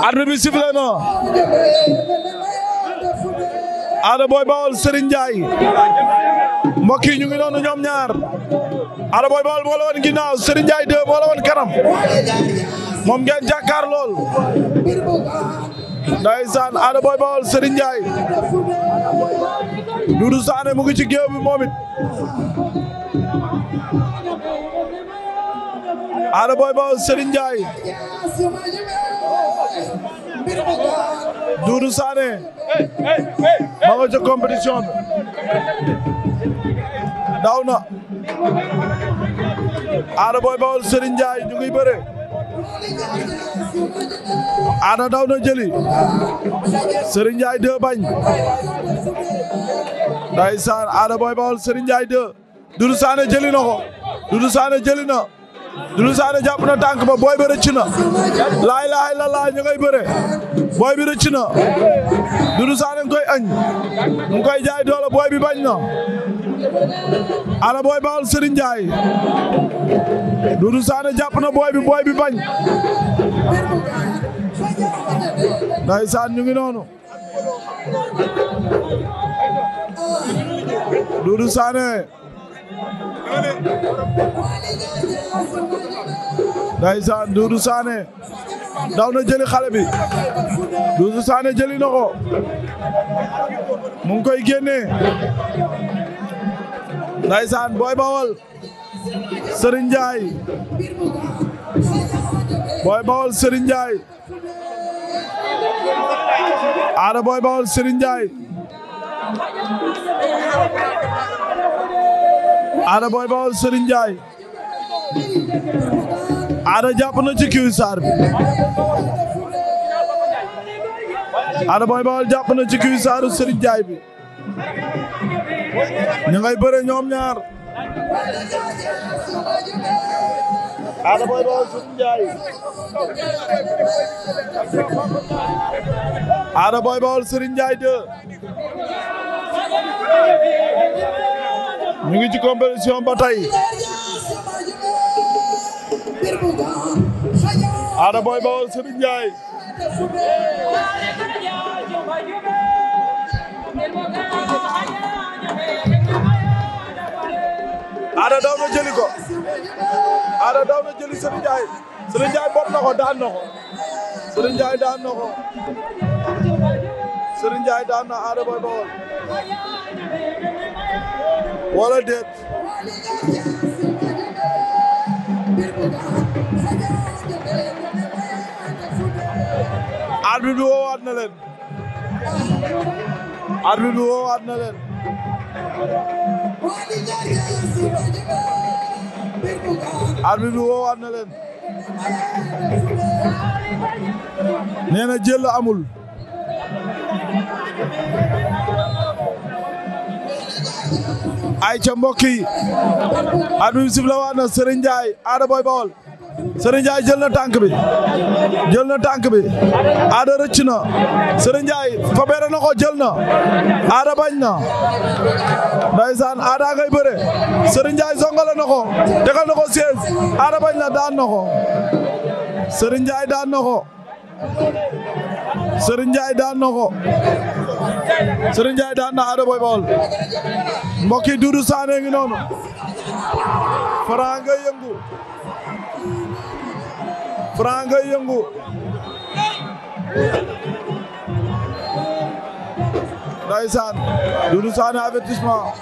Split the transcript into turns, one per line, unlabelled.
arbitre bi sifflé na Ada Boy Baol Serigne Ndiaye mbokk yi ñu ngi noonu ñoom ñaar Ada Boy Baol moo la woon ginnaaw Serigne Ndiaye moo la woon moom ngeen jàkkaar lool ndeysaan Ada Boy Baol Serigne Ndiaye Doudou mu ngi ci géew Ada Boy Baol Serigne Ndiaye Doudou Sané daw na Ada Boy Baol Serigne Ndiaye ñu ngi bëre Ada daw na jëli Serigne Ndiaye deux bañ ndeysaan Ada Boy Baol Serigne Ndiaye deux Doudou Sané jëli na ko Doudou Sané jëli na Doulou Sané jàpp na tànk ba booy bi rëcc na laay la laay ñu ngay booy bi rëcc na Doulou Sané nga koy añ mu booy bi bañ na ana booy baal Serigne Ndiaye Doulou Sané jàpp na booy bi booy bi bañ ndeysaan ñu ngi noonu Ndeysaan Doudou Sané daw na jëli xale bi Doudou Sané na ko mu koy génnee Ndeysaan Boy Bawol Serigne Ndiaye Boy Bawol Serigne Ndiaye Ada Boy Bawol Serigne Ndiaye Ada booy Baol Serigne Ndiaye Ada jàpp na ci kiw saar bi Ada Boy Baol jàpp na ci kiw saaru Serigne bi ñu ngay ñoom ñaar Ada Boy Baol Serigne Ndiaye ñu ngi ci compétition ba tey Ada Boy Baol Serigne Ndiaye Ada daw na daan na ko daan na Serigne Ndiaye daan na Ada Boy na leen arbitre bi woowaat na na leen nee na jël amul ay ca mbokk yi at bi sifla Ada Boy Baol Serigne Ndiaye jël na bi jël tànk bi Ada rëcc na Serigne Ndiaye fabeere ko jël na Ada bañ na ndaysaan Ada ngay bëre Serigne Ndiaye zongale na ko tegal na ko siège Ada bañ daan na ko daan na ko daan na Serigne Ndiaye daan na Ada Boy Baol mbokk yi Doudou Sané ngi noonu Franc yëngu Franc yëngu ndeysaan Doudou Sané avertissement